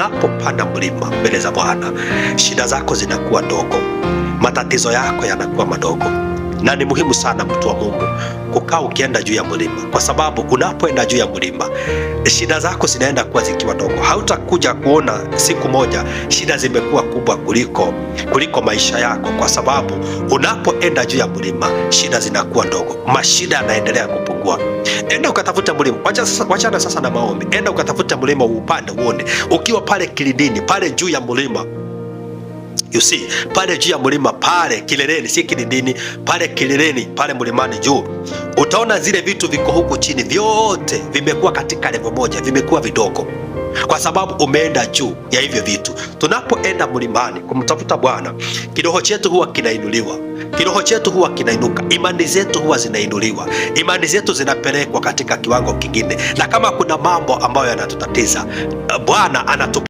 Unapopanda mlima mbele za Bwana, shida zako zinakuwa ndogo, matatizo yako yanakuwa madogo na ni muhimu sana mtu wa Mungu kukaa ukienda juu ya mlima, kwa sababu unapoenda juu ya mlima shida zako zinaenda kuwa zikiwa ndogo. Hautakuja kuona siku moja shida zimekuwa kubwa kuliko, kuliko maisha yako, kwa sababu unapoenda juu ya mlima shida zinakuwa ndogo, mashida yanaendelea kupungua. Enda ukatafuta mlima, wachana sasa na maombi, enda ukatafuta mlima uupande uone, ukiwa pale kilindini pale juu ya mlima You see, pale juu ya mlima pale kileleni, si kilindini, pale kileleni, pale mlimani juu, utaona zile vitu viko huku chini, vyote vimekuwa katika level moja, vimekuwa vidogo kwa sababu umeenda juu ya hivyo vitu. Tunapoenda mlimani kumtafuta Bwana, kiroho chetu huwa kinainuliwa, kiroho chetu huwa kinainuka, imani zetu huwa zinainuliwa, imani zetu zinapelekwa katika kiwango kingine, na kama kuna mambo ambayo yanatutatiza Bwana anatupa